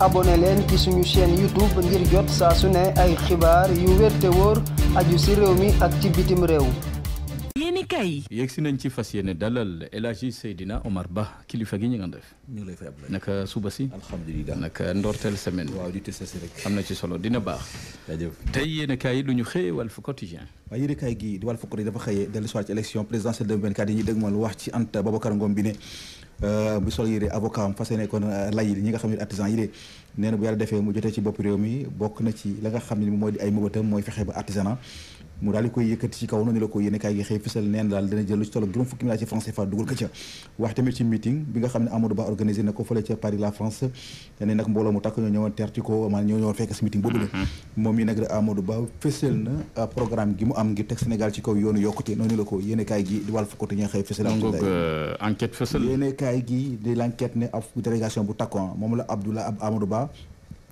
abonné leen ci suñu chaîne YouTube ngir jot saa su ne ay xibaar yu wér te wóor aju si réew mi ak ci bitim réew. yéeni kay si nañ ci fas yéene dalal El Hadji Seydina Omar Ba kilifa gi ñu nga def ñu ngi lay fay Abdoulaye naka suba si alhamdulilah naka ndorteel semaine waaw di tësasi rek am na ci solo dina baax jaajëf tey yéeni kay yi lu ñu xëyee Walf Quotidien waaye yéeni kay gi di Walf Quotidien dafa xëyee dellu soir ci élection présidentielle 2024 yi ñuy dégmal wax ci Anta Babacar Ngom bi ne Euh, bu sol yére avocat am fas yéene euh, lay yi nga xam ne artisan yi de neen bu yàlla defee mu jotee ci bopp réew mi bokk na ci la nga xam ne mooy di ay mëbatam mooy fexe ba artisanat mu daal di koy yëkkati ci kaw noonu la ko yéene kaay gi xëy fësal neen daal dina jël ci tollu juróom fukki milliards ci francs CFA dugal ko wax tamit ci meeting bi nga xam ne Amadou Ba organisé na ko fële ca Paris la France mm-hmm. moom yi nag ah, programme gi mu am ngir teg Sénégal ci kaw yoonu yokkute noonu la ko yéene kaay gi di wàll fukki ñoo xëy fësal euh, enquête fësal yéene kaay gi ne ab délégation bu takkoon moom la Abdoulaye Amadou Ba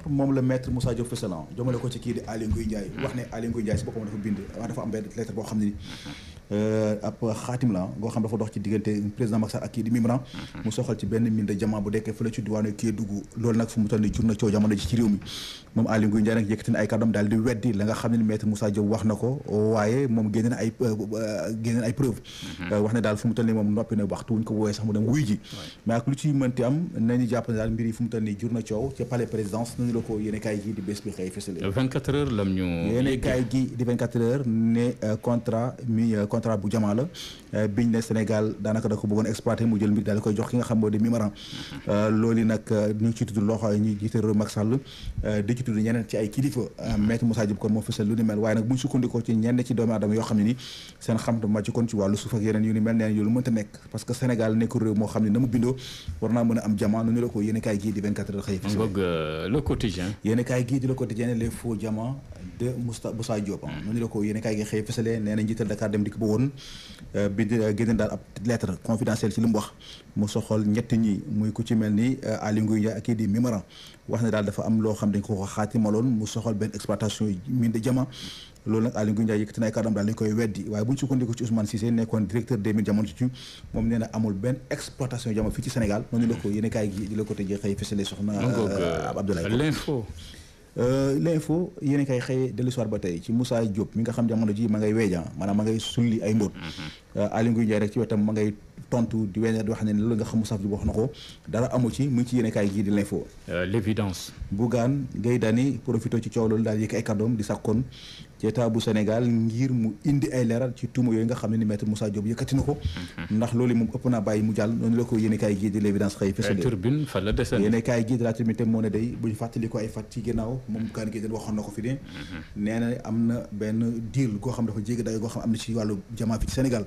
exemple moom la maître Moussa Diop Fesselan jomale ko ci kii di Aly Ngouille Ndiaye wax ne Aly Ngouille Ndiaye si boppam dafa bind dafa am benn lettre boo xam ni Euh, ab xaatim la ngoo xam dafa dox ci diggante président Macky Sall ak kii di Mimran mhm. mu soxal ci benn mine de diamant bu dekkee fële ci diwaanu Kédougou loolu nag fu mu toll nii jur na coow jamono wuy ji mais ak lu ci mënti am nañu jàpp ne daal mbir fu mu toll nii jur na coow ca palais présidence nañu la ko yéene gi di bés bi xëy fësale 24 heures lam ñu yéene gi di 24 heures ne euh, contrat mi euh, contrat bu jamaa la euh, biñ ne Sénégal daanaka da bëggoon exploité mu jël mbir daal koy jox ki nga xam moo di Mimran euh, loolu nag euh, ñu ci tudd loxo ñu ni mel waaye nag ci ñenn ci doomu aadama yoo xam ne ni seen xam ma ci kon ci wàllu suuf ak yeneen yu ni mel neen yoolu mënta nekk parce que Sénégal nekk réew moo xam ne na mu bindoo war naa mën a am jamaa nu ñu la ko yéen kaay gii di 24 heures xëy le quotidien yéen kaay gii di le quotidien les faux diamants de Moussa Moussa Diop noonu hmm. la ko yéen kaay gi xëy fësale nee na njiital Dakar dem dikk ba woon euh, bi euh, génne daal ab lettre confidentielle ci li mu wax mu soxol ñett ñi muy ku ci mel ni euh, Aly Ngouille Ndiaye ak kii di Mimran wax ne daal dafa am loo xam dañ ko ko xaatimaloon mu soxol benn exploitation mine de jama loolu nag Aly Ngouille Ndiaye yëkkati na ay kàddaam daal lañ koy weddi waaye bu ñu sukkandiku ci Ousmane Cissé nekkoon directeur des mines jamono Euh, l'info yéen a koy xëyee dellu soir ba tey ci Moussa Diop mi nga xam jamono ji ma ngay weejaan maanaam ma ngay sulli ay mbóot Aly Ngouille Ndiaye rek ci wetam ma ngay tontu di weneer di wax ne loolu nga xamu saf di wax na ko dara amu ci mu ngi ci yéene kaay gii di l'info euh, l'évidence Bougane Gueye Dany profité ci coow loolu daal yëkk ay kàddoom di sàkkoon ci état bu Sénégal ngir mu indi ay leeral ci tuuma yooyu nga xam ne ni maître Moussa Diop yëkkati na ko mhm. ndax loolu moom ëpp naa bàyyi mu jàll noonu la ko yéene kaay gii di l'évidence xëy fësal euh, yéene kaay gii di la turbine moo ne day bu ñu ko ay fat ci ginnaaw moom Bougane Gueye Dany waxoon na ko fi mhm. nee na am na benn deal koo xam dafa jéggi dayo koo xam am na ci wàllu jamaa fi ci Sénégal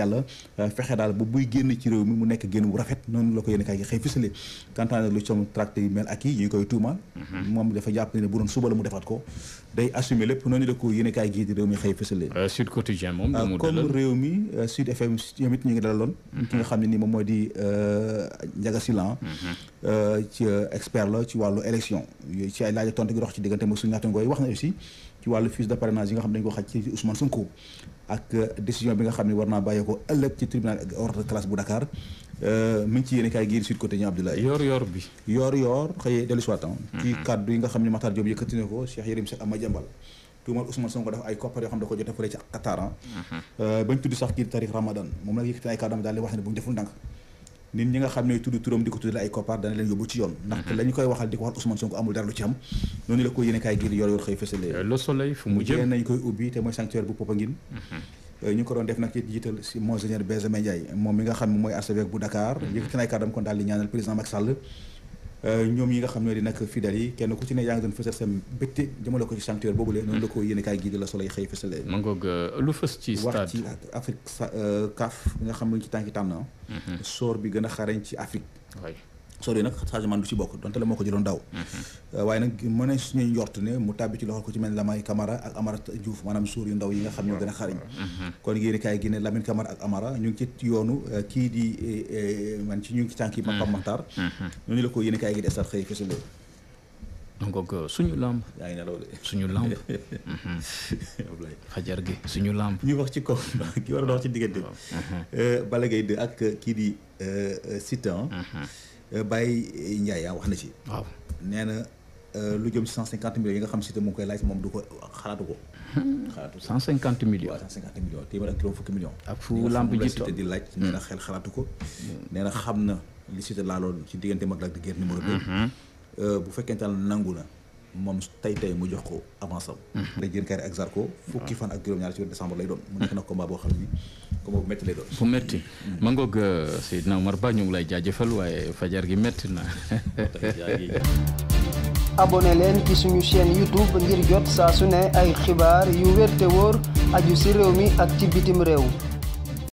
yàlla euh, fexe daal ba buy génn ci réew mi mu nekk génn bu rafet noonu la ko yéen kaay gi xëy fësale kantaan lu com tracte yi mel ak yi ñu koy tuumaal mhm. moom dafa jàpp ne bu doon suba la mu defaat ko day assumer lépp noonu la ko yéen kaay gi di réew mi xëy fësale euh, euh, comme réew mi Sud FM ñoom mhm. nga xam ni moom mooy di Ndiaga mhm. ci expert la ci wàllu élection ci ay laaj tontu gi dox ci diggante mo suñu naatangooy wax na aussi ci wàllu fiche de parrainage yi nga xam ne ko xaj ci Ousmane Sonko ak euh, décision bi nga xam ne war naa bàyyee ko ëllëg ci tribunal hors de classe bu Dakar euh, mi ci yéen kaay gii sud côté ñu Abdoulaye yor yor bi yor yor xëyee dellu soitam ci kàddu yi nga xam ne Matar Diop yëkkati na ko Cheikh Yérim Seck ama jambal tuumal Ousmane Sonko dafa ay koppar yoo xam ne da ko jote fële ci Qatar mm-hmm. euh, bañ tudd sax kii tarif Ramadan moom nag yëkkati ay nit ñi nga xam ne tudd turam di ko tuddal ay koppar dana leen yóbbu ci yoon mhm. ndax la ñu koy waxal di ko waxal Ousmane Sonko amul dara lu ci am noonu la ko yéene kaay giir yor xëy fësale euh, le soleil fu mu jëm nañ koy ubbi te mooy sanctuaire bu Popenguine mhm. euh, ñu ko doon def nag ci jiital si monseigneur Benjamin moom mi nga xam mooy archevêque bu Dakar mhm. yëkkati na ay kàddam kon daal di ñaanal président Macky Sall Euh, ñoom yi nga xam ne di nekk fidèles yi kenn ku ci ne yaa ngi doon fësal sa mbégte jëmale ko ci sanctuaire boobu lee noonu la ko yéene kaay gii di la soloy xëy fësale euh, lu fës ci stade wax ci Afrique euh, CAF nga xam ne ci tànki tànn mhm. soor bi gën a xarañ ci Afrique sori nag changement du ci bokk donte la moo ko jëloon daaw mm-hmm. na suñuy njort ne mu tàbbi ci loxo ko ci mel Lamine Camara ak Amara Diouf maanaam suur yu ndaw yi nga xam ñoo gën a xariñ mm-hmm. kon gi ne Lamine Camara ak Amara ñu ngi ci yoonu euh, kii di euh, euh, man ci ñu ngi ci tànk yi Pape mm-hmm. la ko yéen kaay gi di estat xëy fësale donc suñu lamb. yaa ngi nelaw de suñu lamb. fajar gi suñu lamb. ñu wax ci kaw ki war a dox ci diggante. Balla Gaye 2 ak kii di Siteu. Euh, bàyyi njaay euh, Ndiaye ah, wax na si waaw nee na euh, lu jëm ci cent cinquante millions yi nga xam si te mu koy laaj moom du ko xalaatu ko. xalaatu cent cinquante millions. waaw cent cinquante millions téeméer ak juróom fukki millions. ak fu lamb ji toog di laaj. nee na xel xalaatu ko. Mm. nee na xam na li si te laaloon ci diggante mag la ak di guerre numéro deux. Mm-hmm. bu fekkente nangu na. moom tey tey mu jox ko avance am. lay jën kaari ak Zarko. fukki fan ak juróom-ñaar ci weeru décembre lay doon. mu nekk nag combat boo xam ni combat bu métti lay doon. bu métti mm. ma ngoog euh, Seydina Omar Ba ñu ngi lay jaajëfal waaye fajar gi metti na. abonné leen ci suñu chaîne YouTube ngir jot saa su ne ay xibaar yu wér te wóor aju si réew mi ak ci bitim réew.